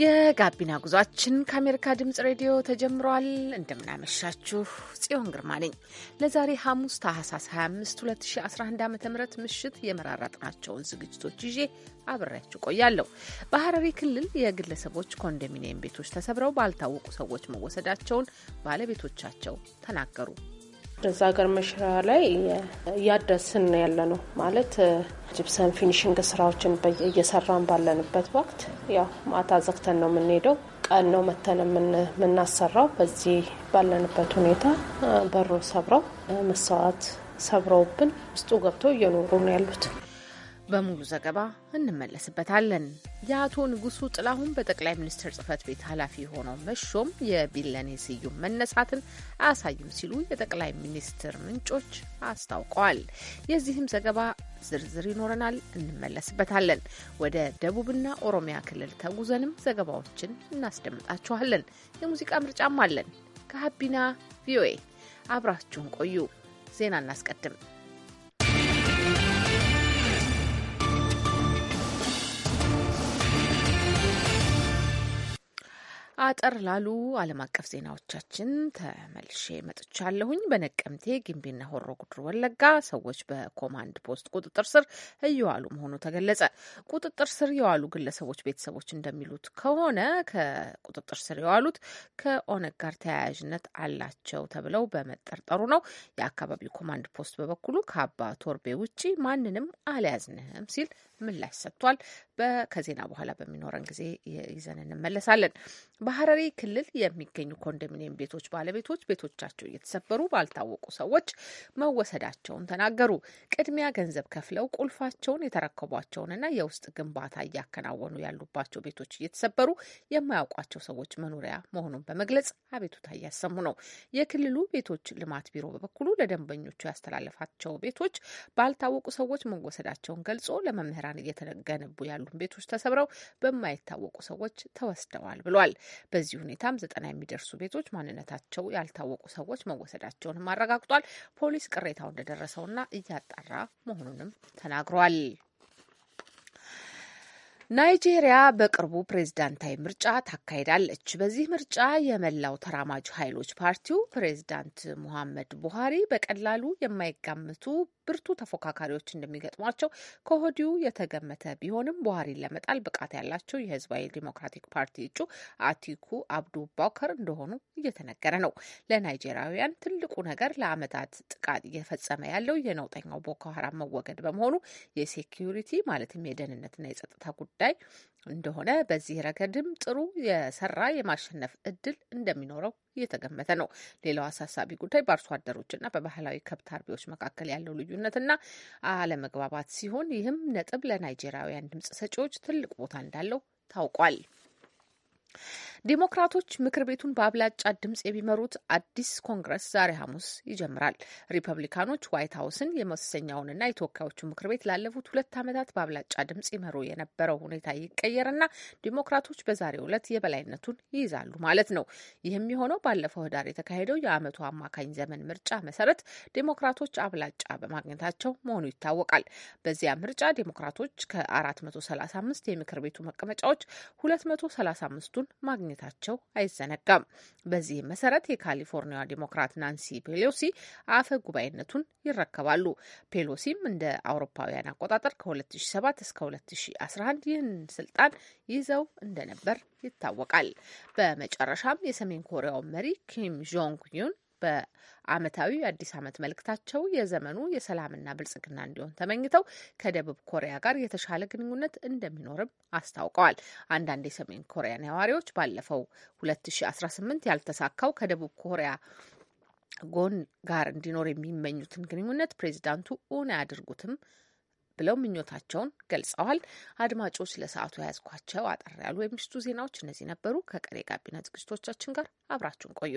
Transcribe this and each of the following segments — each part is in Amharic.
የጋቢና ጉዟችን ከአሜሪካ ድምጽ ሬዲዮ ተጀምሯል። እንደምናመሻችሁ ጽዮን ግርማ ነኝ። ለዛሬ ሐሙስ ታህሳስ 25 2011 ዓ ም ምሽት የመራረጥናቸውን ዝግጅቶች ይዤ አብሬያችሁ ቆያለሁ። በሐረሪ ክልል የግለሰቦች ኮንዶሚኒየም ቤቶች ተሰብረው ባልታወቁ ሰዎች መወሰዳቸውን ባለቤቶቻቸው ተናገሩ። እዛ ሀገር መሽራ ላይ እያደስን ያለ ነው ማለት ጅብሰን ፊኒሽንግ ስራዎችን እየሰራን ባለንበት ወቅት ያው ማታ ዘግተን ነው የምንሄደው። ቀን ነው መተን የምናሰራው። በዚህ ባለንበት ሁኔታ በሩን ሰብረው መሰዋት ሰብረውብን ውስጡ ገብተው እየኖሩ ነው ያሉት። በሙሉ ዘገባ እንመለስበታለን። የአቶ ንጉሱ ጥላሁን በጠቅላይ ሚኒስትር ጽህፈት ቤት ኃላፊ ሆነው መሾም የቢለኔ ስዩም መነሳትን አያሳይም ሲሉ የጠቅላይ ሚኒስትር ምንጮች አስታውቀዋል። የዚህም ዘገባ ዝርዝር ይኖረናል፣ እንመለስበታለን። ወደ ደቡብና ኦሮሚያ ክልል ተጉዘንም ዘገባዎችን እናስደምጣችኋለን። የሙዚቃ ምርጫም አለን። ከሀቢና ቪኦኤ አብራችሁን ቆዩ። ዜና እናስቀድም። አጠር ላሉ ዓለም አቀፍ ዜናዎቻችን ተመልሼ መጥቻለሁኝ። በነቀምቴ ግንቢና ሆሮ ጉድር ወለጋ ሰዎች በኮማንድ ፖስት ቁጥጥር ስር እየዋሉ መሆኑ ተገለጸ። ቁጥጥር ስር የዋሉ ግለሰቦች ቤተሰቦች እንደሚሉት ከሆነ ከቁጥጥር ስር የዋሉት ከኦነግ ጋር ተያያዥነት አላቸው ተብለው በመጠርጠሩ ነው። የአካባቢው ኮማንድ ፖስት በበኩሉ ከአባ ቶርቤ ውጪ ማንንም አልያዝንህም ሲል ምላሽ ሰጥቷል። ከዜና በኋላ በሚኖረን ጊዜ ይዘን እንመለሳለን። በሐረሪ ክልል የሚገኙ ኮንዶሚኒየም ቤቶች ባለቤቶች ቤቶቻቸው እየተሰበሩ ባልታወቁ ሰዎች መወሰዳቸውን ተናገሩ። ቅድሚያ ገንዘብ ከፍለው ቁልፋቸውን የተረከቧቸውንና የውስጥ ግንባታ እያከናወኑ ያሉባቸው ቤቶች እየተሰበሩ የማያውቋቸው ሰዎች መኖሪያ መሆኑን በመግለጽ አቤቱታ እያሰሙ ነው። የክልሉ ቤቶች ልማት ቢሮ በበኩሉ ለደንበኞቹ ያስተላለፋቸው ቤቶች ባልታወቁ ሰዎች መወሰዳቸውን ገልጾ ለመምህራ በኢራን እየተገነቡ ያሉ ቤቶች ተሰብረው በማይታወቁ ሰዎች ተወስደዋል ብሏል። በዚህ ሁኔታም ዘጠና የሚደርሱ ቤቶች ማንነታቸው ያልታወቁ ሰዎች መወሰዳቸውንም አረጋግጧል። ፖሊስ ቅሬታው እንደደረሰውና እያጣራ መሆኑንም ተናግሯል። ናይጄሪያ በቅርቡ ፕሬዝዳንታዊ ምርጫ ታካሂዳለች። በዚህ ምርጫ የመላው ተራማጅ ኃይሎች ፓርቲው ፕሬዝዳንት ሙሐመድ ቡሃሪ በቀላሉ የማይጋምቱ ብርቱ ተፎካካሪዎች እንደሚገጥሟቸው ከወዲሁ የተገመተ ቢሆንም ቡሃሪን ለመጣል ብቃት ያላቸው የህዝባዊ ዲሞክራቲክ ፓርቲ እጩ አቲኩ አብዱ ባውከር እንደሆኑ እየተነገረ ነው። ለናይጄሪያውያን ትልቁ ነገር ለዓመታት ጥቃት እየፈጸመ ያለው የነውጠኛው ቦኮ ሀራም መወገድ በመሆኑ የሴኪሪቲ ማለትም የደህንነትና የጸጥታ ጉዳይ ጉዳይ እንደሆነ በዚህ ረገድም ጥሩ የሰራ የማሸነፍ እድል እንደሚኖረው እየተገመተ ነው። ሌላው አሳሳቢ ጉዳይ በአርሶ አደሮችና በባህላዊ ከብት አርቢዎች መካከል ያለው ልዩነትና አለመግባባት ሲሆን ይህም ነጥብ ለናይጄሪያውያን ድምጽ ሰጪዎች ትልቅ ቦታ እንዳለው ታውቋል። ዲሞክራቶች ምክር ቤቱን በአብላጫ ድምጽ የሚመሩት አዲስ ኮንግረስ ዛሬ ሐሙስ ይጀምራል። ሪፐብሊካኖች ዋይት ሀውስን የመወሰኛውንና የተወካዮቹን ምክር ቤት ላለፉት ሁለት ዓመታት በአብላጫ ድምጽ ይመሩ የነበረው ሁኔታ ይቀየርና ዲሞክራቶች በዛሬው ዕለት የበላይነቱን ይይዛሉ ማለት ነው። ይህም የሆነው ባለፈው ህዳር የተካሄደው የአመቱ አማካኝ ዘመን ምርጫ መሰረት ዲሞክራቶች አብላጫ በማግኘታቸው መሆኑ ይታወቃል። በዚያ ምርጫ ዲሞክራቶች ከ435 የምክር ቤቱ መቀመጫዎች 235ቱን ማግኘ ማግኘታቸው አይዘነጋም። በዚህም መሰረት የካሊፎርኒያ ዲሞክራት ናንሲ ፔሎሲ አፈ ጉባኤነቱን ይረከባሉ። ፔሎሲም እንደ አውሮፓውያን አቆጣጠር ከ2007 እስከ 2011 ይህን ስልጣን ይዘው እንደነበር ይታወቃል። በመጨረሻም የሰሜን ኮሪያው መሪ ኪም ጆንግ ዩን በአመታዊ የአዲስ ዓመት መልእክታቸው የዘመኑ የሰላምና ብልጽግና እንዲሆን ተመኝተው ከደቡብ ኮሪያ ጋር የተሻለ ግንኙነት እንደሚኖርም አስታውቀዋል። አንዳንድ የሰሜን ኮሪያ ነዋሪዎች ባለፈው 2018 ያልተሳካው ከደቡብ ኮሪያ ጎን ጋር እንዲኖር የሚመኙትን ግንኙነት ፕሬዚዳንቱ እውን አያድርጉትም ብለው ምኞታቸውን ገልጸዋል። አድማጮች፣ ለሰዓቱ የያዝኳቸው አጠር ያሉ የምሽቱ ዜናዎች እነዚህ ነበሩ። ከቀሬ ጋቢና ዝግጅቶቻችን ጋር አብራችሁን ቆዩ።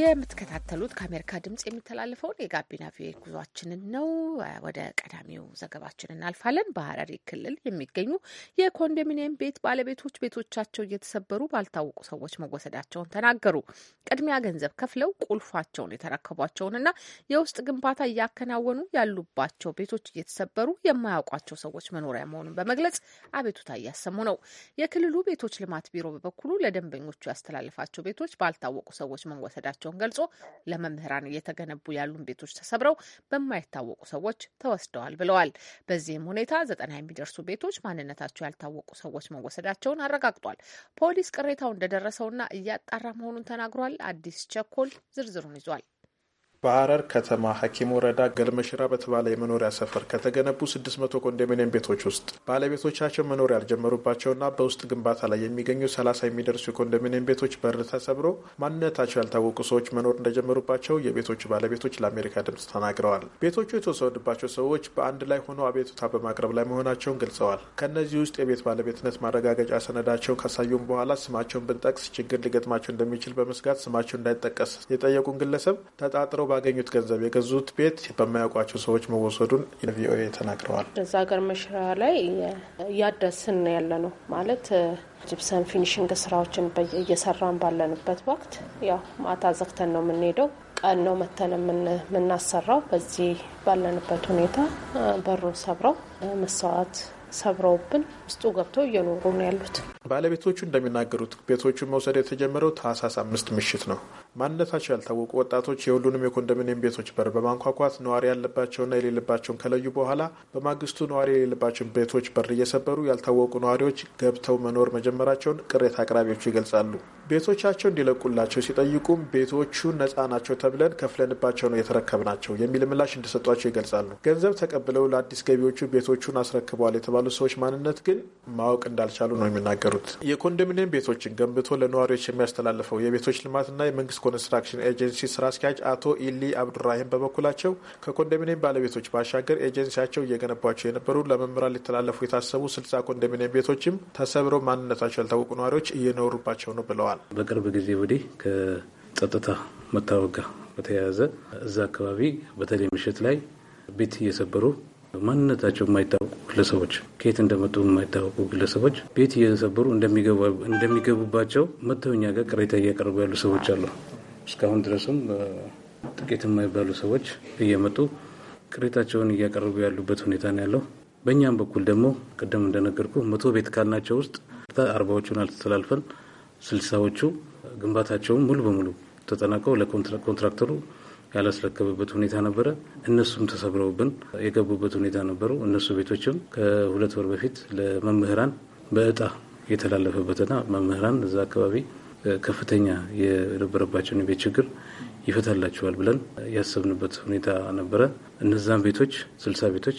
የምትከታተሉት ከአሜሪካ ድምጽ የሚተላለፈውን የጋቢና ቪኦኤ ጉዟችንን ነው። ወደ ቀዳሚው ዘገባችን እናልፋለን። በሀረሪ ክልል የሚገኙ የኮንዶሚኒየም ቤት ባለቤቶች ቤቶቻቸው እየተሰበሩ ባልታወቁ ሰዎች መወሰዳቸውን ተናገሩ። ቅድሚያ ገንዘብ ከፍለው ቁልፋቸውን የተረከቧቸውንና የውስጥ ግንባታ እያከናወኑ ያሉባቸው ቤቶች እየተሰበሩ የማያውቋቸው ሰዎች መኖሪያ መሆኑን በመግለጽ አቤቱታ እያሰሙ ነው። የክልሉ ቤቶች ልማት ቢሮ በበኩሉ ለደንበኞቹ ያስተላለፋቸው ቤቶች ባልታወቁ ሰዎች መወሰዳቸው መሆናቸውን ገልጾ ለመምህራን እየተገነቡ ያሉን ቤቶች ተሰብረው በማይታወቁ ሰዎች ተወስደዋል ብለዋል። በዚህም ሁኔታ ዘጠና የሚደርሱ ቤቶች ማንነታቸው ያልታወቁ ሰዎች መወሰዳቸውን አረጋግጧል። ፖሊስ ቅሬታው እንደደረሰውና እያጣራ መሆኑን ተናግሯል። አዲስ ቸኮል ዝርዝሩን ይዟል። በሐረር ከተማ ሐኪም ወረዳ ገልመሽራ በተባለ የመኖሪያ ሰፈር ከተገነቡ 600 ኮንዶሚኒየም ቤቶች ውስጥ ባለቤቶቻቸው መኖር ያልጀመሩባቸውና በውስጥ ግንባታ ላይ የሚገኙ 30 የሚደርሱ የኮንዶሚኒየም ቤቶች በር ተሰብሮ ማንነታቸው ያልታወቁ ሰዎች መኖር እንደጀመሩባቸው የቤቶቹ ባለቤቶች ለአሜሪካ ድምፅ ተናግረዋል። ቤቶቹ የተወሰዱባቸው ሰዎች በአንድ ላይ ሆነው አቤቱታ በማቅረብ ላይ መሆናቸውን ገልጸዋል። ከእነዚህ ውስጥ የቤት ባለቤትነት ማረጋገጫ ሰነዳቸውን ካሳዩም በኋላ ስማቸውን ብንጠቅስ ችግር ሊገጥማቸው እንደሚችል በመስጋት ስማቸው እንዳይጠቀስ የጠየቁን ግለሰብ ተጣጥረው ባገኙት ገንዘብ የገዙት ቤት በማያውቋቸው ሰዎች መወሰዱን ቪኦኤ ተናግረዋል። እዛ ሀገር መሽራ ላይ እያደስን ያለ ነው ማለት ጅብሰን ፊኒሽንግ ስራዎችን እየሰራን ባለንበት ወቅት ያው ማታ ዘግተን ነው የምንሄደው፣ ቀን ነው መተን የምናሰራው። በዚህ ባለንበት ሁኔታ በሩን ሰብረው መስዋዕት ሰብረውብን ውስጡ ገብተው እየኖሩ ነው ያሉት። ባለቤቶቹ እንደሚናገሩት ቤቶቹን መውሰድ የተጀመረው ታህሳስ አምስት ምሽት ነው። ማንነታቸው ያልታወቁ ወጣቶች የሁሉንም የኮንዶሚኒየም ቤቶች በር በማንኳኳት ነዋሪ ያለባቸውና የሌለባቸውን ከለዩ በኋላ በማግስቱ ነዋሪ የሌለባቸውን ቤቶች በር እየሰበሩ ያልታወቁ ነዋሪዎች ገብተው መኖር መጀመራቸውን ቅሬታ አቅራቢዎቹ ይገልጻሉ። ቤቶቻቸው እንዲለቁላቸው ሲጠይቁም ቤቶቹ ነፃ ናቸው ተብለን ከፍለንባቸው ነው የተረከብናቸው የሚል ምላሽ እንደሰጧቸው ይገልጻሉ። ገንዘብ ተቀብለው ለአዲስ ገቢዎቹ ቤቶቹን አስረክበዋል የተባሉ የተባሉ ሰዎች ማንነት ግን ማወቅ እንዳልቻሉ ነው የሚናገሩት። የኮንዶሚኒየም ቤቶችን ገንብቶ ለነዋሪዎች የሚያስተላልፈው የቤቶች ልማትና የመንግስት ኮንስትራክሽን ኤጀንሲ ስራ አስኪያጅ አቶ ኢሊ አብዱራሂም በበኩላቸው ከኮንዶሚኒየም ባለቤቶች ባሻገር ኤጀንሲያቸው እየገነባቸው የነበሩ ለመምህራን ሊተላለፉ የታሰቡ ስልሳ ኮንዶሚኒየም ቤቶችም ተሰብረው ማንነታቸው ያልታወቁ ነዋሪዎች እየኖሩባቸው ነው ብለዋል። በቅርብ ጊዜ ወዲህ ከጸጥታ መታወጋ በተያያዘ እዛ አካባቢ በተለይ ምሽት ላይ ቤት እየሰበሩ ማንነታቸው የማይታወቁ ግለሰቦች ከየት እንደመጡ የማይታወቁ ግለሰቦች ቤት እየተሰበሩ እንደሚገቡባቸው መጥተው እኛ ጋር ቅሬታ እያቀረቡ ያሉ ሰዎች አሉ። እስካሁን ድረስም ጥቂት የማይባሉ ሰዎች እየመጡ ቅሬታቸውን እያቀረቡ ያሉበት ሁኔታ ነው ያለው። በእኛም በኩል ደግሞ ቅድም እንደነገርኩ መቶ ቤት ካልናቸው ውስጥ አርባዎቹን አልተተላልፈን ስልሳዎቹ ግንባታቸውን ሙሉ በሙሉ ተጠናቀው ለኮንትራክተሩ ያላስረከበበት ሁኔታ ነበረ። እነሱም ተሰብረውብን የገቡበት ሁኔታ ነበረው። እነሱ ቤቶችም ከሁለት ወር በፊት ለመምህራን በእጣ የተላለፈበትና መምህራን እዛ አካባቢ ከፍተኛ የነበረባቸውን የቤት ችግር ይፈታላቸዋል ብለን ያሰብንበት ሁኔታ ነበረ። እነዛን ቤቶች ስልሳ ቤቶች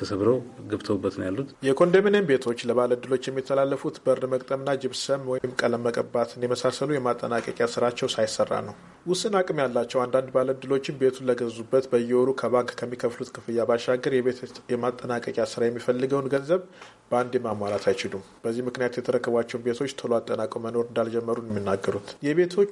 ተሰብረው ገብተውበት ነው ያሉት። የኮንዶሚኒየም ቤቶች ለባለድሎች የሚተላለፉት በር መቅጠምና ጅብሰም ወይም ቀለም መቀባትን የመሳሰሉ የማጠናቀቂያ ስራቸው ሳይሰራ ነው። ውስን አቅም ያላቸው አንዳንድ ባለዕድሎችም ቤቱን ለገዙበት በየወሩ ከባንክ ከሚከፍሉት ክፍያ ባሻገር የቤት የማጠናቀቂያ ስራ የሚፈልገውን ገንዘብ በአንድ ማሟላት አይችሉም። በዚህ ምክንያት የተረከቧቸውን ቤቶች ቶሎ አጠናቀው መኖር እንዳልጀመሩ የሚናገሩት የቤቶቹ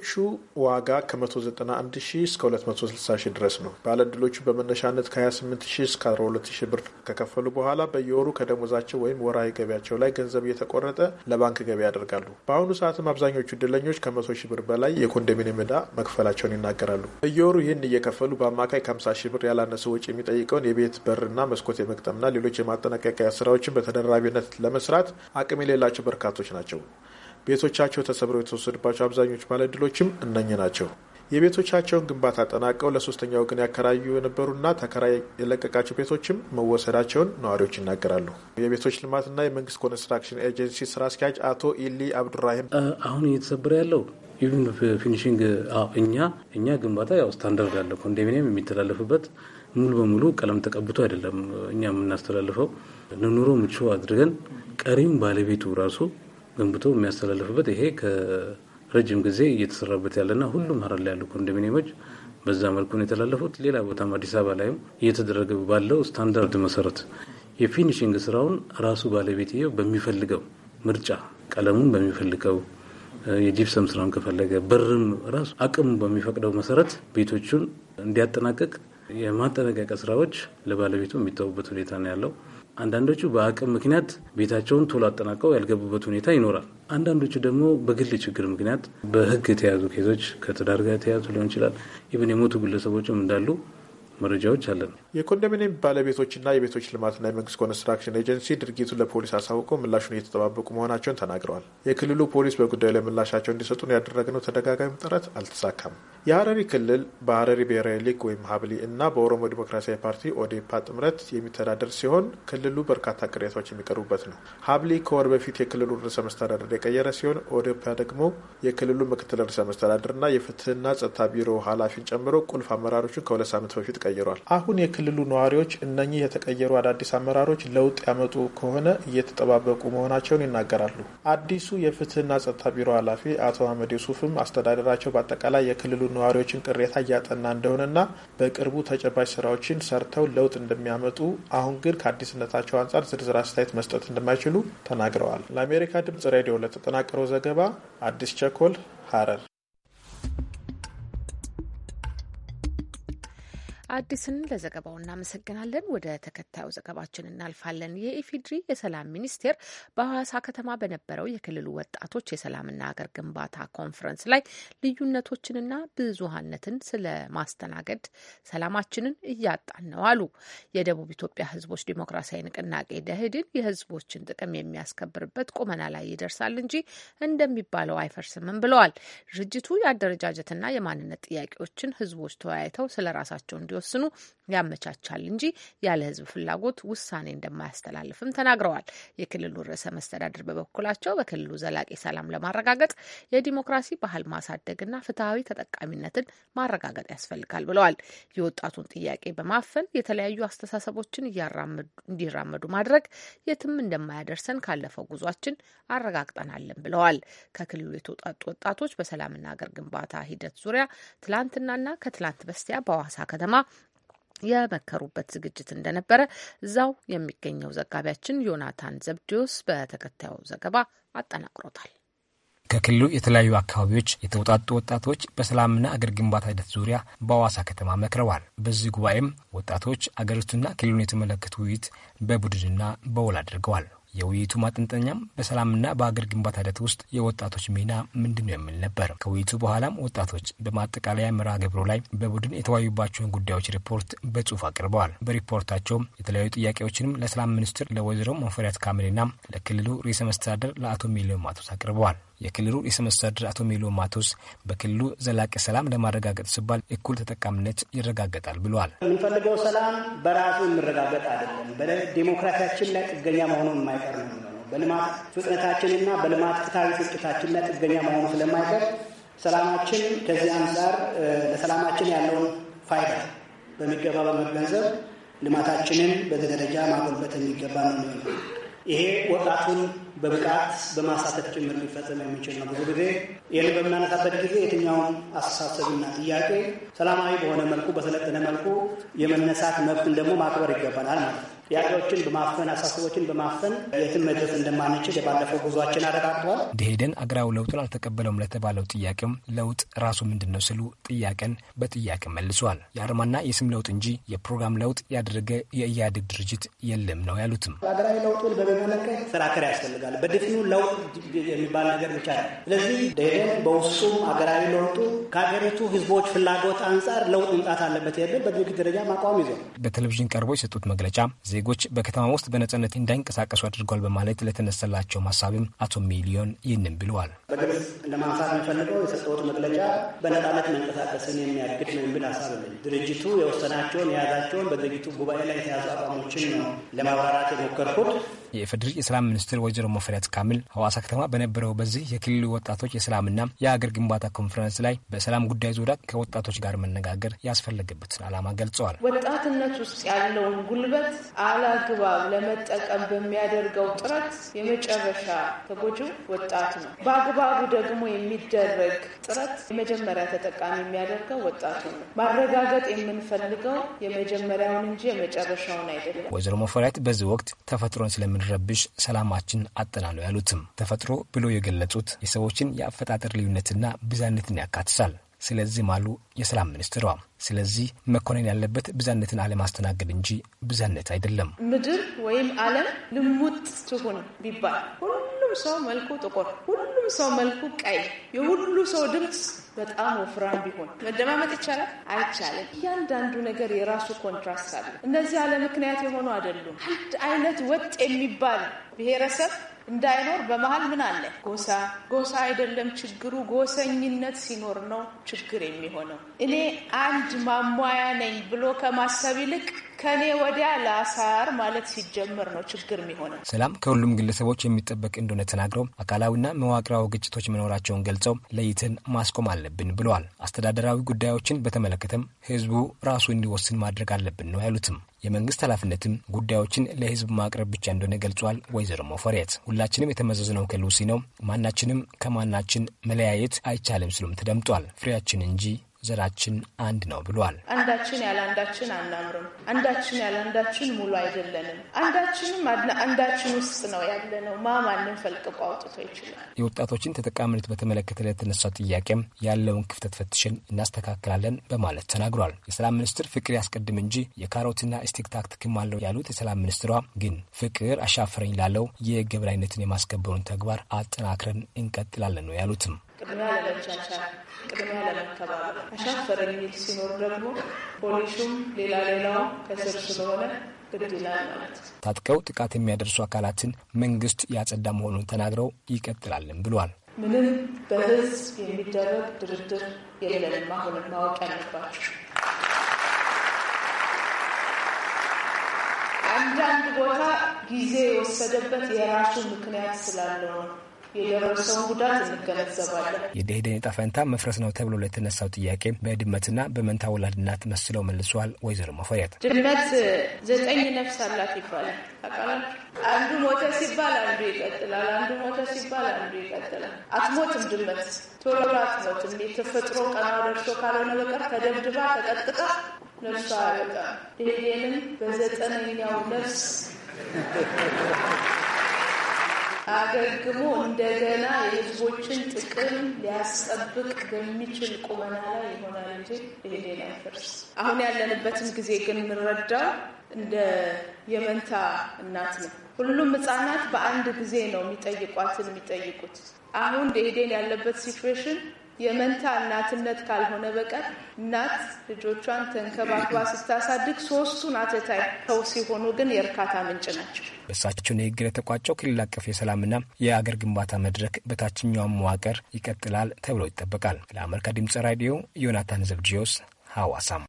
ዋጋ ከ191 ሺ እስከ 260 ሺ ድረስ ነው። ባለድሎቹ በመነሻነት ከ28 ሺ እስከ 12 ብር ከከፈሉ በኋላ በየወሩ ከደሞዛቸው ወይም ወራዊ ገቢያቸው ላይ ገንዘብ እየተቆረጠ ለባንክ ገቢ ያደርጋሉ። በአሁኑ ሰዓትም አብዛኞቹ እድለኞች ከመቶ ሺህ ብር በላይ የኮንዶሚኒየም ዕዳ መክፈላቸውን ይናገራሉ። በየወሩ ይህን እየከፈሉ በአማካይ ከ50 ሺህ ብር ያላነሰ ወጪ የሚጠይቀውን የቤት በርና መስኮት የመግጠምና ሌሎች የማጠናቀቂያ ስራዎችን በተደራቢነት ለመስራት አቅም የሌላቸው በርካቶች ናቸው። ቤቶቻቸው ተሰብረው የተወሰዱባቸው አብዛኞቹ ባለዕድሎችም እነኝ ናቸው። የቤቶቻቸውን ግንባታ አጠናቀው ለሶስተኛ ወገን ያከራዩ የነበሩና ተከራይ የለቀቃቸው ቤቶችም መወሰዳቸውን ነዋሪዎች ይናገራሉ። የቤቶች ልማትና የመንግስት ኮንስትራክሽን ኤጀንሲ ስራ አስኪያጅ አቶ ኢሊ አብዱራሂም አሁን እየተሰበረ ያለው ኢቭን ፊኒሽንግ እኛ እኛ ግንባታ ያው ስታንዳርድ አለ ኮንዶሚኒየም የሚተላለፍበት ሙሉ በሙሉ ቀለም ተቀብቶ አይደለም እኛ የምናስተላልፈው ለኑሮ ምቹ አድርገን ቀሪም ባለቤቱ ራሱ ገንብቶ የሚያስተላልፍበት ይሄ ረጅም ጊዜ እየተሰራበት ያለና ሁሉም ሀረር ላይ ያሉ ኮንዶሚኒየሞች በዛ መልኩ ነው የተላለፉት። ሌላ ቦታም አዲስ አበባ ላይም እየተደረገ ባለው ስታንዳርድ መሰረት የፊኒሽንግ ስራውን ራሱ ባለቤትየው በሚፈልገው ምርጫ ቀለሙን በሚፈልገው የጂፕሰም ስራውን ከፈለገ በርም ራሱ አቅሙ በሚፈቅደው መሰረት ቤቶቹን እንዲያጠናቀቅ የማጠናቀቂያ ስራዎች ለባለቤቱ የሚተዉበት ሁኔታ ነው ያለው። አንዳንዶቹ በአቅም ምክንያት ቤታቸውን ቶሎ አጠናቀው ያልገቡበት ሁኔታ ይኖራል። አንዳንዶቹ ደግሞ በግል ችግር ምክንያት በህግ የተያዙ ኬዞች ከትዳር ጋር የተያዙ ሊሆን ይችላል። ኢብን የሞቱ ግለሰቦችም እንዳሉ መረጃዎች አለን። የኮንዶሚኒየም ባለቤቶችና የቤቶች ልማትና የመንግስት ኮንስትራክሽን ኤጀንሲ ድርጊቱን ለፖሊስ አሳውቀው ምላሹን እየተጠባበቁ መሆናቸውን ተናግረዋል። የክልሉ ፖሊስ በጉዳዩ ላይ ምላሻቸው እንዲሰጡን ያደረግነው ተደጋጋሚ ጥረት አልተሳካም። የሀረሪ ክልል በሀረሪ ብሔራዊ ሊግ ወይም ሀብሊ እና በኦሮሞ ዴሞክራሲያዊ ፓርቲ ኦዴፓ ጥምረት የሚተዳደር ሲሆን ክልሉ በርካታ ቅሬታዎች የሚቀርቡበት ነው። ሀብሊ ከወር በፊት የክልሉን ርዕሰ መስተዳደር የቀየረ ሲሆን ኦዴፓ ደግሞ የክልሉ ምክትል ርዕሰ መስተዳደርና የፍትህና ጸጥታ ቢሮ ኃላፊን ጨምሮ ቁልፍ አመራሮችን ከሁለት ሳምንት በፊት ተቀይሯል። አሁን የክልሉ ነዋሪዎች እነኚህ የተቀየሩ አዳዲስ አመራሮች ለውጥ ያመጡ ከሆነ እየተጠባበቁ መሆናቸውን ይናገራሉ። አዲሱ የፍትህና ጸጥታ ቢሮ ኃላፊ አቶ አህመድ ዩሱፍም አስተዳደራቸው በአጠቃላይ የክልሉ ነዋሪዎችን ቅሬታ እያጠና እንደሆነና በቅርቡ ተጨባጭ ስራዎችን ሰርተው ለውጥ እንደሚያመጡ አሁን ግን ከአዲስነታቸው አንጻር ዝርዝር አስተያየት መስጠት እንደማይችሉ ተናግረዋል። ለአሜሪካ ድምጽ ሬዲዮ ለተጠናቀረው ዘገባ አዲስ ቸኮል ሀረር። አዲስን ለዘገባው እናመሰግናለን። ወደ ተከታዩ ዘገባችን እናልፋለን። የኢፌዴሪ የሰላም ሚኒስቴር በሐዋሳ ከተማ በነበረው የክልሉ ወጣቶች የሰላምና ሀገር ግንባታ ኮንፈረንስ ላይ ልዩነቶችንና ብዙሀነትን ስለማስተናገድ ሰላማችንን እያጣን ነው አሉ። የደቡብ ኢትዮጵያ ህዝቦች ዲሞክራሲያዊ ንቅናቄ ደህድን የህዝቦችን ጥቅም የሚያስከብርበት ቁመና ላይ ይደርሳል እንጂ እንደሚባለው አይፈርስምም ብለዋል። ድርጅቱ የአደረጃጀትና የማንነት ጥያቄዎችን ህዝቦች ተወያይተው ስለ ራሳቸው እንዲ እንዲወስኑ ያመቻቻል እንጂ ያለ ህዝብ ፍላጎት ውሳኔ እንደማያስተላልፍም ተናግረዋል። የክልሉ ርዕሰ መስተዳድር በበኩላቸው በክልሉ ዘላቂ ሰላም ለማረጋገጥ የዲሞክራሲ ባህል ማሳደግና ፍትሐዊ ተጠቃሚነትን ማረጋገጥ ያስፈልጋል ብለዋል። የወጣቱን ጥያቄ በማፈን የተለያዩ አስተሳሰቦችን እንዲራመዱ ማድረግ የትም እንደማያደርሰን ካለፈው ጉዟችን አረጋግጠናለን ብለዋል። ከክልሉ የተውጣጡ ወጣቶች በሰላምና ሀገር ግንባታ ሂደት ዙሪያ ትላንትናና ከትላንት በስቲያ በሐዋሳ ከተማ የመከሩበት ዝግጅት እንደነበረ እዛው የሚገኘው ዘጋቢያችን ዮናታን ዘብዲዮስ በተከታዩ ዘገባ አጠናቅሮታል። ከክልሉ የተለያዩ አካባቢዎች የተውጣጡ ወጣቶች በሰላምና አገር ግንባታ ሂደት ዙሪያ በሐዋሳ ከተማ መክረዋል። በዚህ ጉባኤም ወጣቶች አገሪቱና ክልሉን የተመለከቱ ውይይት በቡድንና በውል አድርገዋል። የውይይቱ ማጠንጠኛም በሰላምና በአገር ግንባታ ሂደት ውስጥ የወጣቶች ሚና ምንድን ነው የሚል ነበር። ከውይይቱ በኋላም ወጣቶች በማጠቃለያ መርሃ ግብሩ ላይ በቡድን የተወያዩባቸውን ጉዳዮች ሪፖርት በጽሁፍ አቅርበዋል። በሪፖርታቸውም የተለያዩ ጥያቄዎችንም ለሰላም ሚኒስትር ለወይዘሮ መፈሪያት ካሚልና ለክልሉ ርዕሰ መስተዳደር ለአቶ ሚሊዮን ማቶስ አቅርበዋል። የክልሉ ርዕሰ መስተዳድር አቶ ሚሎ ማቶስ በክልሉ ዘላቂ ሰላም ለማረጋገጥ ሲባል እኩል ተጠቃሚነት ይረጋገጣል ብሏል። የምንፈልገው ሰላም በራሱ የሚረጋገጥ አይደለም። በዲሞክራሲያችን ላይ ጥገኛ መሆኑ የማይቀር ነው። በልማት ፍጥነታችንና በልማት ፍትሐዊ ስርጭታችን ላይ ጥገኛ መሆኑ ስለማይቀር ሰላማችን ከዚህ አንጻር ለሰላማችን ያለውን ፋይዳ በሚገባ በመገንዘብ ልማታችንን በዚህ ደረጃ ማጎልበት የሚገባ ነው። ይሄ ወጣቱን በብቃት በማሳተፍ ጭምር ሊፈጸም የሚችል ነው። ብዙ ጊዜ ይህን በምናነሳበት ጊዜ የትኛውም አስተሳሰብና ጥያቄ ሰላማዊ በሆነ መልኩ በሰለጠነ መልኩ የመነሳት መብትን ደግሞ ማክበር ይገባናል ማለት ነው። ጥያቄዎችን በማፈን አሳስቦችን በማፈን የትም መድረስ እንደማንችል የባለፈው ጉዟችን አረጋግጠዋል። ደኢህዴን አገራዊ ለውጡን አልተቀበለውም ለተባለው ጥያቄም ለውጥ ራሱ ምንድን ነው ስሉ ጥያቄን በጥያቄ መልሷል። የአርማና የስም ለውጥ እንጂ የፕሮግራም ለውጥ ያደረገ የኢህአዴግ ድርጅት የለም ነው ያሉትም። አገራዊ ለውጡን በሚመለከት ስራከር ያስፈልጋል። በድፊኑ ለውጥ የሚባል ነገር ብቻ ነው። ስለዚህ ደኢህዴን በውሱም አገራዊ ለውጡ ከሀገሪቱ ህዝቦች ፍላጎት አንጻር ለውጥ መምጣት አለበት ያለ በድርጅት ደረጃ ማቋም ይዘው በቴሌቪዥን ቀርቦ የሰጡት መግለጫ ዜጎች በከተማ ውስጥ በነጻነት እንዳይንቀሳቀሱ አድርጓል በማለት ለተነሰላቸው ማሳብም አቶ ሚሊዮን ይህንም ብለዋል። በግልጽ ለማንሳት የሚፈልገው የሰጠሁት መግለጫ በነጻነት መንቀሳቀስን የሚያግድ ነው የሚል ሀሳብ ለ ድርጅቱ የወሰናቸውን የያዛቸውን በድርጅቱ ጉባኤ ላይ የተያዙ አቋሞችን ነው ለማብራራት የሞከርኩት። የኢፌዴሪ የሰላም ሚኒስትር ወይዘሮ መፈሪያት ካሚል ሐዋሳ ከተማ በነበረው በዚህ የክልሉ ወጣቶች የሰላምና የአገር ግንባታ ኮንፈረንስ ላይ በሰላም ጉዳይ ዙሪያ ከወጣቶች ጋር መነጋገር ያስፈለገበትን ዓላማ ገልጸዋል። ወጣትነት ውስጥ ያለውን ጉልበት አላግባብ ለመጠቀም በሚያደርገው ጥረት የመጨረሻ ተጎጂው ወጣት ነው። በአግባቡ ደግሞ የሚደረግ ጥረት የመጀመሪያ ተጠቃሚ የሚያደርገው ወጣቱ ነው። ማረጋገጥ የምንፈልገው የመጀመሪያውን እንጂ የመጨረሻውን አይደለም። ወይዘሮ ሙፈሪያት በዚህ ወቅት ተፈጥሮን ስለምንረብሽ ሰላማችን አጠናለው ያሉትም ተፈጥሮ ብሎ የገለጹት የሰዎችን የአፈጣጠር ልዩነትና ብዛነትን ያካትታል። ስለዚህ ማሉ የሰላም ሚኒስትሯ። ስለዚህ መኮነን ያለበት ብዛነትን አለማስተናገድ እንጂ ብዛነት አይደለም። ምድር ወይም ዓለም ልሙጥ ትሁን ቢባል ሁሉም ሰው መልኩ ጥቁር፣ ሁሉም ሰው መልኩ ቀይ፣ የሁሉ ሰው ድምፅ በጣም ወፍራም ቢሆን መደማመጥ ይቻላል? አይቻልም። እያንዳንዱ ነገር የራሱ ኮንትራስት አለ። እነዚህ አለ ምክንያት የሆኑ አይደሉም። አንድ አይነት ወጥ የሚባል ብሔረሰብ እንዳይኖር በመሀል ምን አለ? ጎሳ ጎሳ አይደለም ችግሩ። ጎሰኝነት ሲኖር ነው ችግር የሚሆነው። እኔ አንድ ማሟያ ነኝ ብሎ ከማሰብ ይልቅ ከኔ ወዲያ ለአሳር ማለት ሲጀመር ነው ችግር የሚሆነው። ሰላም ከሁሉም ግለሰቦች የሚጠበቅ እንደሆነ ተናግረው አካላዊና መዋቅራዊ ግጭቶች መኖራቸውን ገልጸው ለይትን ማስቆም አለብን ብለዋል። አስተዳደራዊ ጉዳዮችን በተመለከተም ህዝቡ ራሱ እንዲወስን ማድረግ አለብን ነው ያሉትም የመንግስት ኃላፊነትም ጉዳዮችን ለህዝብ ማቅረብ ብቻ እንደሆነ ገልጿል። ወይዘሮ ሞፈሪያት ሁላችንም የተመዘዝነው ከሉሲ ነው፣ ማናችንም ከማናችን መለያየት አይቻልም ሲሉም ተደምጧል። ፍሬያችን እንጂ ዘራችን አንድ ነው ብሏል። አንዳችን ያለ አንዳችን አናምርም። አንዳችን ያለ አንዳችን ሙሉ አይደለንም። አንዳችንም አንዳችን ውስጥ ነው ያለ ነው። ማ ማንም ፈልቅቆ አውጥቶ ይችላል። የወጣቶችን ተጠቃሚነት በተመለከተ ለተነሳው ጥያቄም ያለውን ክፍተት ፈትሽን እናስተካክላለን በማለት ተናግሯል። የሰላም ሚኒስትር ፍቅር ያስቀድም እንጂ የካሮትና ስቲክ ታክቲክም አለው ያሉት የሰላም ሚኒስትሯ ግን ፍቅር አሻፈረኝ ላለው አይነትን የማስከበሩን ተግባር አጠናክረን እንቀጥላለን ነው ያሉትም ቅድሚያ ለመቻቻል፣ ቅድሚያ ለመከባበር አሻፈር የሚል ሲኖር ደግሞ ፖሊሱም ሌላ ሌላው ከስር ስለሆነ ታጥቀው ጥቃት የሚያደርሱ አካላትን መንግስት ያጸዳ መሆኑን ተናግረው ይቀጥላልን ብሏል። ምንም በህዝብ የሚደረግ ድርድር የለንም። አሁንም ማወቅ ያለባቸው አንዳንድ ቦታ ጊዜ የወሰደበት የራሱ ምክንያት ስላለው ነው። የደረሰውን ጉዳት እንገነዘባለን። የደኢህዴን ዕጣ ፈንታ መፍረስ ነው ተብሎ ለተነሳው ጥያቄ በድመትና በመንታ ወላድናት መስለው መልሰዋል። ወይዘሮ መፎያት። ድመት ዘጠኝ ነፍስ አላት ይባላል። አንዱ ሞተ ሲባል አንዱ ይቀጥላል፣ አንዱ ሞተ ሲባል አንዱ ይቀጥላል። አትሞትም ድመት ቶሎ አትሞትም። የተፈጥሮ ቀና ደርሶ ካልሆነ በቀር ተደብድባ ተቀጥቃ ነፍሷ አይወጣም። ደሄደንም በዘጠነኛው ነፍስ አገግሞ እንደገና የህዝቦችን ጥቅም ሊያስጠብቅ በሚችል ቁመና ላይ ይሆናል እንጂ ይሄን አይፈርስ። አሁን ያለንበትን ጊዜ ግን የምንረዳው እንደ የመንታ እናት ነው። ሁሉም ህጻናት በአንድ ጊዜ ነው የሚጠይቋትን የሚጠይቁት። አሁን ደኢህዴን ያለበት ሲትዌሽን የመንታ እናትነት ካልሆነ በቀር እናት ልጆቿን ተንከባክባ ስታሳድግ ሶስቱን አተታይ ተው ሲሆኑ ግን የእርካታ ምንጭ ናቸው። በእሳቸው ንግግር የተቋጨው ክልል አቀፍ የሰላምና የአገር ግንባታ መድረክ በታችኛውን መዋቅር ይቀጥላል ተብሎ ይጠበቃል። ለአሜሪካ ድምጽ ራዲዮ ዮናታን ዘብድዮስ ሐዋሳም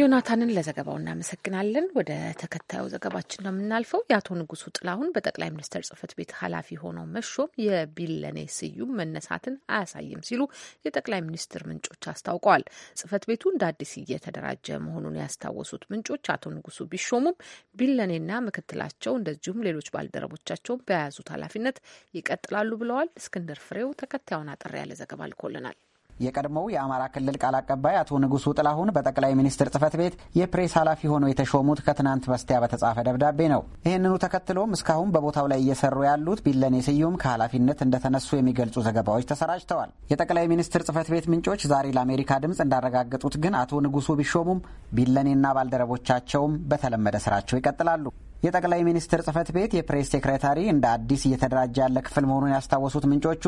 ዮናታንን ለዘገባው እናመሰግናለን። ወደ ተከታዩ ዘገባችን ነው የምናልፈው። የአቶ ንጉሱ ጥላሁን በጠቅላይ ሚኒስትር ጽህፈት ቤት ኃላፊ ሆነው መሾም የቢለኔ ስዩም መነሳትን አያሳይም ሲሉ የጠቅላይ ሚኒስትር ምንጮች አስታውቀዋል። ጽህፈት ቤቱ እንደ አዲስ እየተደራጀ መሆኑን ያስታወሱት ምንጮች አቶ ንጉሱ ቢሾሙም ቢለኔና ምክትላቸው እንደዚሁም ሌሎች ባልደረቦቻቸውን በያዙት ኃላፊነት ይቀጥላሉ ብለዋል። እስክንድር ፍሬው ተከታዩን አጠር ያለ ዘገባ ልኮልናል። የቀድሞው የአማራ ክልል ቃል አቀባይ አቶ ንጉሱ ጥላሁን በጠቅላይ ሚኒስትር ጽህፈት ቤት የፕሬስ ኃላፊ ሆነው የተሾሙት ከትናንት በስቲያ በተጻፈ ደብዳቤ ነው። ይህንኑ ተከትሎም እስካሁን በቦታው ላይ እየሰሩ ያሉት ቢለኔ ስዩም ከኃላፊነት እንደተነሱ የሚገልጹ ዘገባዎች ተሰራጭተዋል። የጠቅላይ ሚኒስትር ጽህፈት ቤት ምንጮች ዛሬ ለአሜሪካ ድምፅ እንዳረጋገጡት ግን አቶ ንጉሱ ቢሾሙም ቢለኔና ባልደረቦቻቸውም በተለመደ ስራቸው ይቀጥላሉ። የጠቅላይ ሚኒስትር ጽህፈት ቤት የፕሬስ ሴክሬታሪ እንደ አዲስ እየተደራጀ ያለ ክፍል መሆኑን ያስታወሱት ምንጮቹ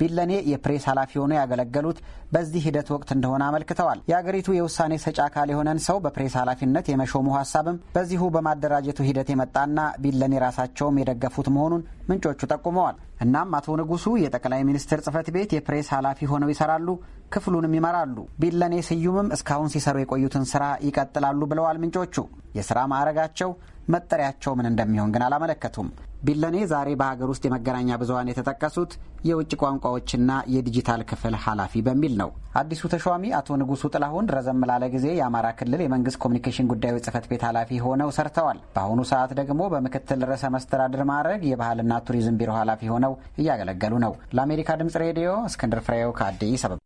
ቢለኔ የፕሬስ ኃላፊ ሆነው ያገለገሉት በዚህ ሂደት ወቅት እንደሆነ አመልክተዋል። የአገሪቱ የውሳኔ ሰጪ አካል የሆነን ሰው በፕሬስ ኃላፊነት የመሾሙ ሀሳብም በዚሁ በማደራጀቱ ሂደት የመጣና ቢለኔ ራሳቸውም የደገፉት መሆኑን ምንጮቹ ጠቁመዋል። እናም አቶ ንጉሱ የጠቅላይ ሚኒስትር ጽህፈት ቤት የፕሬስ ኃላፊ ሆነው ይሰራሉ፣ ክፍሉንም ይመራሉ። ቢለኔ ስዩምም እስካሁን ሲሰሩ የቆዩትን ስራ ይቀጥላሉ ብለዋል ምንጮቹ የስራ ማዕረጋቸው መጠሪያቸው ምን እንደሚሆን ግን አላመለከቱም። ቢለኔ ዛሬ በሀገር ውስጥ የመገናኛ ብዙሀን የተጠቀሱት የውጭ ቋንቋዎችና የዲጂታል ክፍል ኃላፊ በሚል ነው። አዲሱ ተሿሚ አቶ ንጉሱ ጥላሁን ረዘም ላለ ጊዜ የአማራ ክልል የመንግስት ኮሚኒኬሽን ጉዳዮች ጽህፈት ቤት ኃላፊ ሆነው ሰርተዋል። በአሁኑ ሰዓት ደግሞ በምክትል ርዕሰ መስተዳድር ማዕረግ የባህልና ቱሪዝም ቢሮ ኃላፊ ሆነው እያገለገሉ ነው። ለአሜሪካ ድምጽ ሬዲዮ እስክንድር ፍሬው ከአዲስ አበባ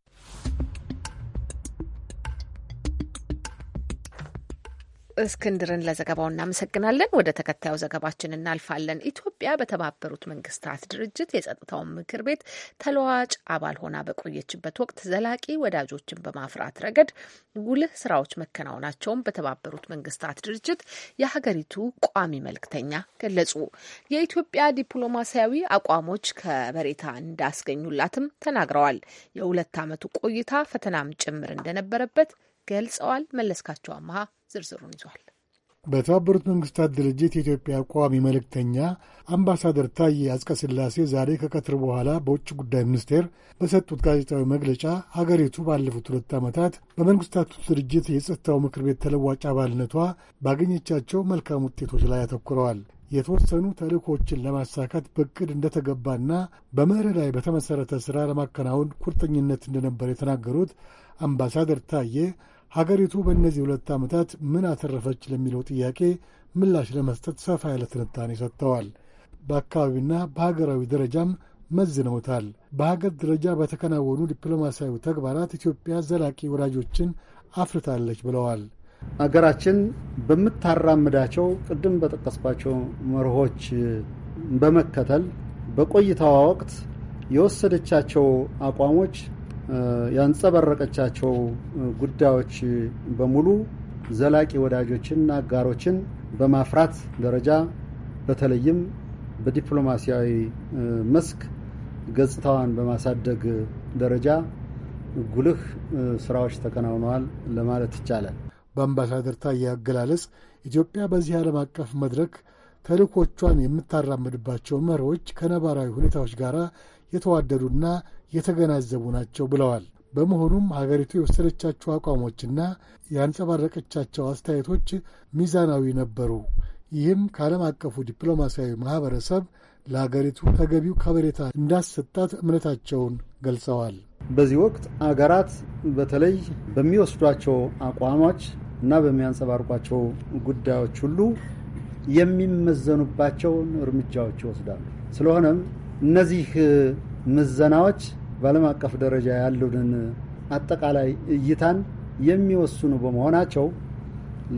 እስክንድርን ለዘገባው እናመሰግናለን። ወደ ተከታዩ ዘገባችን እናልፋለን። ኢትዮጵያ በተባበሩት መንግስታት ድርጅት የጸጥታውን ምክር ቤት ተለዋጭ አባል ሆና በቆየችበት ወቅት ዘላቂ ወዳጆችን በማፍራት ረገድ ጉልህ ስራዎች መከናወናቸውን በተባበሩት መንግስታት ድርጅት የሀገሪቱ ቋሚ መልክተኛ ገለጹ። የኢትዮጵያ ዲፕሎማሲያዊ አቋሞች ከበሬታ እንዳስገኙላትም ተናግረዋል። የሁለት ዓመቱ ቆይታ ፈተናም ጭምር እንደነበረበት ገልጸዋል። መለስካቸው አመሃ ዝርዝሩን ይዟል። በተባበሩት መንግስታት ድርጅት የኢትዮጵያ ቋሚ መልእክተኛ አምባሳደር ታዬ አጽቀሥላሴ ዛሬ ከቀትር በኋላ በውጭ ጉዳይ ሚኒስቴር በሰጡት ጋዜጣዊ መግለጫ ሀገሪቱ ባለፉት ሁለት ዓመታት በመንግስታቱ ድርጅት የጸጥታው ምክር ቤት ተለዋጭ አባልነቷ ባገኘቻቸው መልካም ውጤቶች ላይ አተኩረዋል። የተወሰኑ ተልእኮችን ለማሳካት በእቅድ እንደተገባና በመርህ ላይ በተመሠረተ ሥራ ለማከናወን ቁርጠኝነት እንደነበር የተናገሩት አምባሳደር ታዬ ሀገሪቱ በእነዚህ ሁለት ዓመታት ምን አተረፈች ለሚለው ጥያቄ ምላሽ ለመስጠት ሰፋ ያለ ትንታኔ ሰጥተዋል። በአካባቢና በሀገራዊ ደረጃም መዝነውታል። በሀገር ደረጃ በተከናወኑ ዲፕሎማሲያዊ ተግባራት ኢትዮጵያ ዘላቂ ወዳጆችን አፍርታለች ብለዋል። አገራችን በምታራምዳቸው ቅድም በጠቀስባቸው መርሆች በመከተል በቆይታዋ ወቅት የወሰደቻቸው አቋሞች ያንጸባረቀቻቸው ጉዳዮች በሙሉ ዘላቂ ወዳጆችንና አጋሮችን በማፍራት ደረጃ በተለይም በዲፕሎማሲያዊ መስክ ገጽታዋን በማሳደግ ደረጃ ጉልህ ስራዎች ተከናውነዋል ለማለት ይቻላል። በአምባሳደር ታዬ አገላለጽ ኢትዮጵያ በዚህ ዓለም አቀፍ መድረክ ተልእኮቿን የምታራምድባቸው መርሆች ከነባራዊ ሁኔታዎች ጋር የተዋደዱና የተገናዘቡ ናቸው ብለዋል። በመሆኑም ሀገሪቱ የወሰደቻቸው አቋሞችና ያንጸባረቀቻቸው አስተያየቶች ሚዛናዊ ነበሩ። ይህም ከዓለም አቀፉ ዲፕሎማሲያዊ ማኅበረሰብ ለሀገሪቱ ተገቢው ከበሬታ እንዳሰጣት እምነታቸውን ገልጸዋል። በዚህ ወቅት አገራት በተለይ በሚወስዷቸው አቋሞች እና በሚያንጸባርቋቸው ጉዳዮች ሁሉ የሚመዘኑባቸውን እርምጃዎች ይወስዳሉ። ስለሆነም እነዚህ ምዘናዎች በዓለም አቀፍ ደረጃ ያለውን አጠቃላይ እይታን የሚወስኑ በመሆናቸው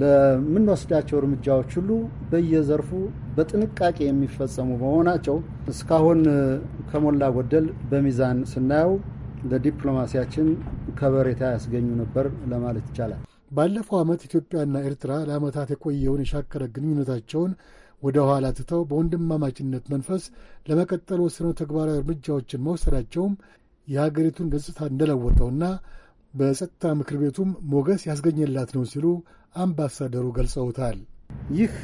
ለምንወስዳቸው እርምጃዎች ሁሉ በየዘርፉ በጥንቃቄ የሚፈጸሙ በመሆናቸው እስካሁን ከሞላ ጎደል በሚዛን ስናየው ለዲፕሎማሲያችን ከበሬታ ያስገኙ ነበር ለማለት ይቻላል። ባለፈው ዓመት ኢትዮጵያና ኤርትራ ለዓመታት የቆየውን የሻከረ ግንኙነታቸውን ወደ ኋላ ትተው በወንድማማችነት መንፈስ ለመቀጠል ወስነው ተግባራዊ እርምጃዎችን መውሰዳቸውም የሀገሪቱን ገጽታ እንደለወጠውና በጸጥታ ምክር ቤቱም ሞገስ ያስገኘላት ነው ሲሉ አምባሳደሩ ገልጸውታል። ይህ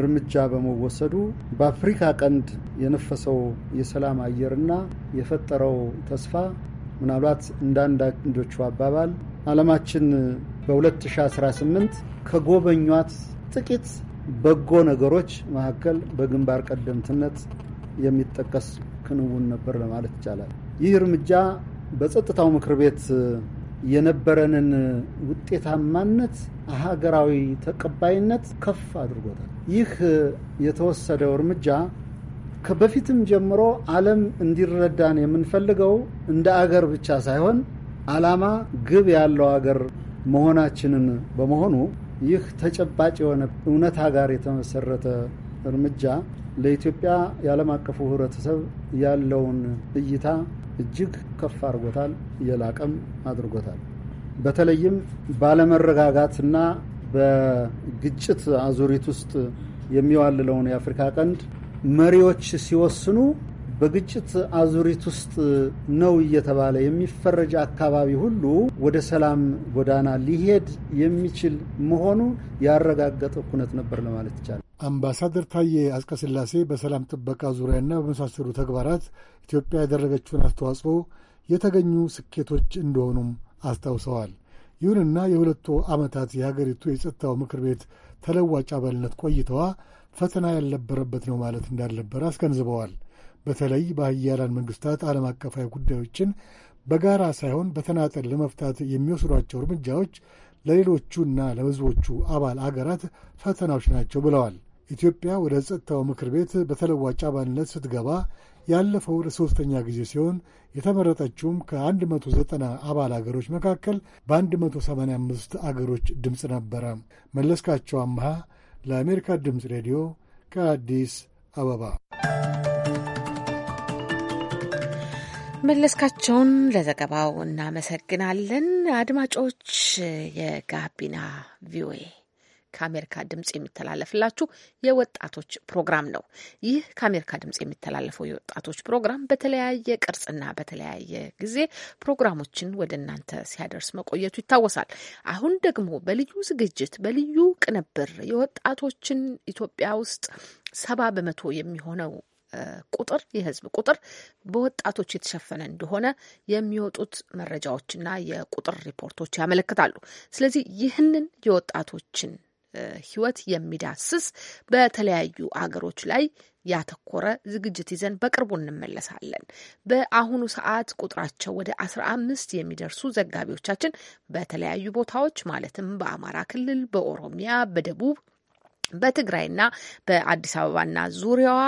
እርምጃ በመወሰዱ በአፍሪካ ቀንድ የነፈሰው የሰላም አየርና የፈጠረው ተስፋ ምናልባት እንደ አንዳንዶቹ አባባል ዓለማችን በ2018 ከጎበኟት ጥቂት በጎ ነገሮች መካከል በግንባር ቀደምትነት የሚጠቀስ ክንውን ነበር ለማለት ይቻላል። ይህ እርምጃ በጸጥታው ምክር ቤት የነበረንን ውጤታማነት፣ ሀገራዊ ተቀባይነት ከፍ አድርጎታል። ይህ የተወሰደው እርምጃ ከበፊትም ጀምሮ ዓለም እንዲረዳን የምንፈልገው እንደ አገር ብቻ ሳይሆን ዓላማ፣ ግብ ያለው አገር መሆናችንን በመሆኑ ይህ ተጨባጭ የሆነ እውነታ ጋር የተመሰረተ እርምጃ ለኢትዮጵያ የዓለም አቀፉ ህብረተሰብ ያለውን እይታ እጅግ ከፍ አድርጎታል፣ የላቀም አድርጎታል። በተለይም ባለመረጋጋትና በግጭት አዙሪት ውስጥ የሚዋልለውን የአፍሪካ ቀንድ መሪዎች ሲወስኑ በግጭት አዙሪት ውስጥ ነው እየተባለ የሚፈረጅ አካባቢ ሁሉ ወደ ሰላም ጎዳና ሊሄድ የሚችል መሆኑን ያረጋገጠ ኩነት ነበር ለማለት ይቻላል። አምባሳደር ታዬ አጽቀሥላሴ በሰላም ጥበቃ ዙሪያና በመሳሰሉ ተግባራት ኢትዮጵያ ያደረገችውን አስተዋጽኦ የተገኙ ስኬቶች እንደሆኑም አስታውሰዋል። ይሁንና የሁለቱ ዓመታት የሀገሪቱ የጸጥታው ምክር ቤት ተለዋጭ አባልነት ቆይተዋ ፈተና ያልነበረበት ነው ማለት እንዳልነበረ አስገንዝበዋል። በተለይ በሀያላን መንግስታት ዓለም አቀፋዊ ጉዳዮችን በጋራ ሳይሆን በተናጠል ለመፍታት የሚወስዷቸው እርምጃዎች ለሌሎቹና ለህዝቦቹ አባል አገራት ፈተናዎች ናቸው ብለዋል። ኢትዮጵያ ወደ ጸጥታው ምክር ቤት በተለዋጭ አባልነት ስትገባ ያለፈው ለሦስተኛ ጊዜ ሲሆን የተመረጠችውም ከ190 አባል አገሮች መካከል በ185 አገሮች ድምፅ ነበረ። መለስካቸው አምሃ ለአሜሪካ ድምፅ ሬዲዮ ከአዲስ አበባ መለስካቸውን ለዘገባው እናመሰግናለን። አድማጮች፣ የጋቢና ቪኦኤ ከአሜሪካ ድምጽ የሚተላለፍላችሁ የወጣቶች ፕሮግራም ነው። ይህ ከአሜሪካ ድምጽ የሚተላለፈው የወጣቶች ፕሮግራም በተለያየ ቅርጽና በተለያየ ጊዜ ፕሮግራሞችን ወደ እናንተ ሲያደርስ መቆየቱ ይታወሳል። አሁን ደግሞ በልዩ ዝግጅት በልዩ ቅንብር የወጣቶችን ኢትዮጵያ ውስጥ ሰባ በመቶ የሚሆነው ቁጥር የህዝብ ቁጥር በወጣቶች የተሸፈነ እንደሆነ የሚወጡት መረጃዎችና የቁጥር ሪፖርቶች ያመለክታሉ። ስለዚህ ይህንን የወጣቶችን ህይወት የሚዳስስ በተለያዩ አገሮች ላይ ያተኮረ ዝግጅት ይዘን በቅርቡ እንመለሳለን። በአሁኑ ሰዓት ቁጥራቸው ወደ አስራ አምስት የሚደርሱ ዘጋቢዎቻችን በተለያዩ ቦታዎች ማለትም በአማራ ክልል፣ በኦሮሚያ፣ በደቡብ በትግራይና በአዲስ አበባና ዙሪያዋ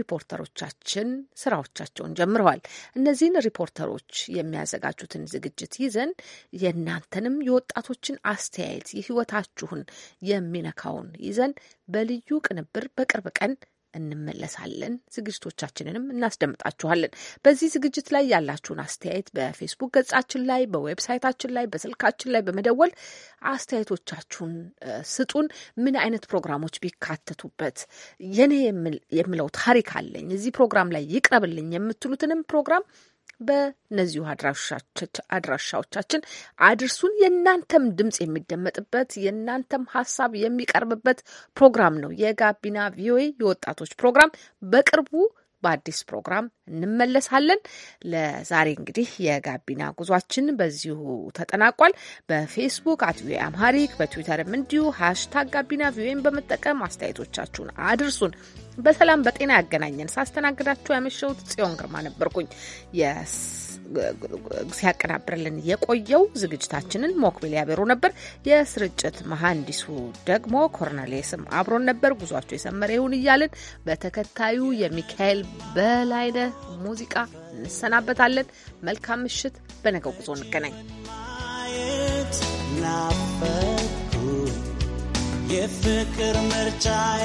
ሪፖርተሮቻችን ስራዎቻቸውን ጀምረዋል። እነዚህን ሪፖርተሮች የሚያዘጋጁትን ዝግጅት ይዘን የእናንተንም የወጣቶችን አስተያየት የህይወታችሁን የሚነካውን ይዘን በልዩ ቅንብር በቅርብ ቀን እንመለሳለን። ዝግጅቶቻችንንም እናስደምጣችኋለን። በዚህ ዝግጅት ላይ ያላችሁን አስተያየት በፌስቡክ ገጻችን ላይ፣ በዌብሳይታችን ላይ፣ በስልካችን ላይ በመደወል አስተያየቶቻችሁን ስጡን። ምን አይነት ፕሮግራሞች ቢካተቱበት የኔ የምለው ታሪክ አለኝ እዚህ ፕሮግራም ላይ ይቅረብልኝ የምትሉትንም ፕሮግራም በእነዚሁ አድራሻዎቻችን አድርሱን። የእናንተም ድምጽ የሚደመጥበት የእናንተም ሀሳብ የሚቀርብበት ፕሮግራም ነው የጋቢና ቪኦኤ የወጣቶች ፕሮግራም። በቅርቡ በአዲስ ፕሮግራም እንመለሳለን። ለዛሬ እንግዲህ የጋቢና ጉዟችን በዚሁ ተጠናቋል። በፌስቡክ አት ቪኦኤ አምሃሪክ በትዊተርም እንዲሁ ሀሽታግ ጋቢና ቪኦኤን በመጠቀም አስተያየቶቻችሁን አድርሱን። በሰላም በጤና ያገናኘን። ሳስተናግዳችሁ ያመሸሁት ጽዮን ግርማ ነበርኩኝ። ሲያቀናብርልን የቆየው ዝግጅታችንን ሞክቢል ያበሩ ነበር። የስርጭት መሐንዲሱ ደግሞ ኮርኔሌስም አብሮን ነበር። ጉዟቸው የሰመረ ይሁን እያልን በተከታዩ የሚካኤል በላይነ ሙዚቃ እንሰናበታለን። መልካም ምሽት። በነገው ጉዞ እንገናኝ። የፍቅር ምርጫዬ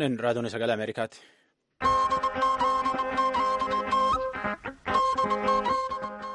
Sunt în Radonul Săgale Americat.